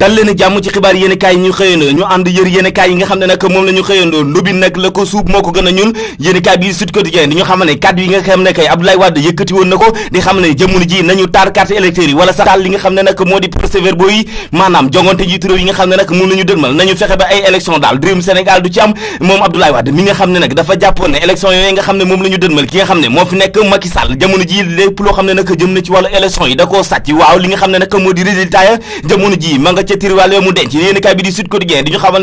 dal leen jàmm ci xibaar yéen kaay yi ñu xëyandoo ñu ànd yër yéen yi nga xam ne nag moom la xëyandoo lubi nag la ko suub moo ko gën a ñuul yéen bi Sud ko di xam di ñu xam ne nag moo di résultat ya jamono ji ma nga ca tiroir yooyu mu denc yéen kaay bi di Sud Quotidien yi di ñu xamal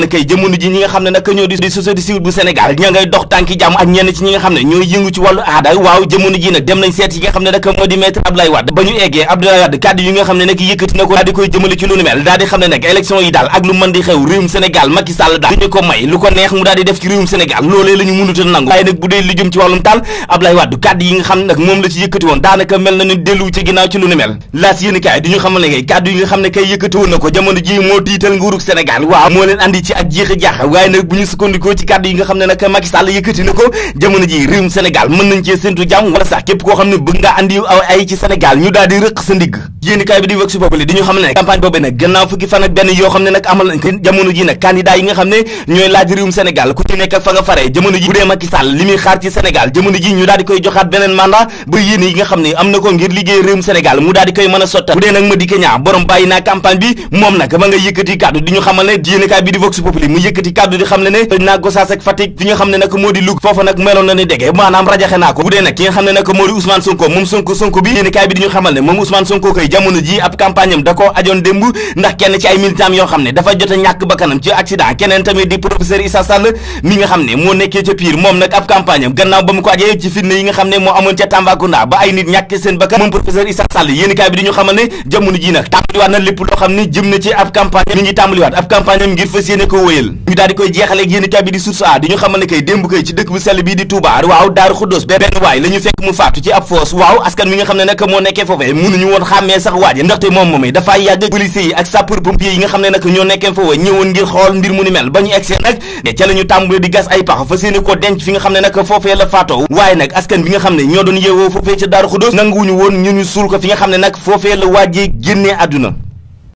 ne kay jamono ji ñi nga xam ne nag ñoo di société civile bu Sénégal ña ngay dox tànki jàmm ak ñenn ci ñi nga xam ne ñooy yëngu ci wàllu aada waaw jamono ji nag dem nañ seet yi nga xam ne nag moo di maître Abdoulaye Wade ba ñu eggee Abdoulaye Wade kàddu yi nga xam ne nag yëkkati na ko daal koy jëmale ji moo tiital nguurug Sénégal waaw moo leen andi ci ak jéex a jaax waaye nag bu ñu sukkandikoo ci kàddu yi nga xam ne nag Macky yëkkati na ko jamono ji réewum Sénégal mën nañ cee séntu jàmm wala sax képp koo xam xam nga andi aw ay ci Sénégal ñu daal rëq sa ndigg yéenekaay bi di Vox Populi di ñu xam ne campagne boobu nag gannaaw fukki fan ak xam ne nag amal nañ ko jamono nag candidat yi nga xam ne ñooy laaj réewum bu dee Macky Sall nga xam ne am na ko ngir liggéey réewum Sénégal mu daal di koy mën a sottal bu dee nag Madické nga xam ne ne moo di Louga foofa nag meloon na ni dege maanaam rajaxe naa ko bu dee nag ki nga xam ne nag moo di Ousmane Ousmane moom Sonko Sonko bi yéen kaay bi di ñu xamal ne moom Ousmane Sonko koy jamono ji ab campagne da koo ajoon démb ndax kenn ci ay militant yoo xam ne dafa jot a ba mu ngir fas yéene ko wëyal ñu daal koy jeexale ak yéen bi di source a di ñu xamal ne kay démb kay ci dëkk bu sell bii di Touba waaw Daaru Xuddoos benn waay la fekk mu faatu ci ab foos waaw askan wi nga xam ne nag moo nekkee foofee mënuñu woon xàmmee sax waaji ndaxte moom moom dafa yàgg police yi ak sapeur pompier yi nga xam ne nag ñoo nekkee foofee ñëwoon ngir xool mbir mu ni mel ba ñu egsee nag ne ca la ñu tàmbali di gas ay pax fa seeni ko denc fi nga xam ne nag foofee la faatoo waaye nag askan bi nga xam ne ñoo doon yeewoo foofee ca Daaru Xudóos nanguwuñu woon ñu ñu suul ko fi nga xam ne nag foofee la waajee génnee àdduna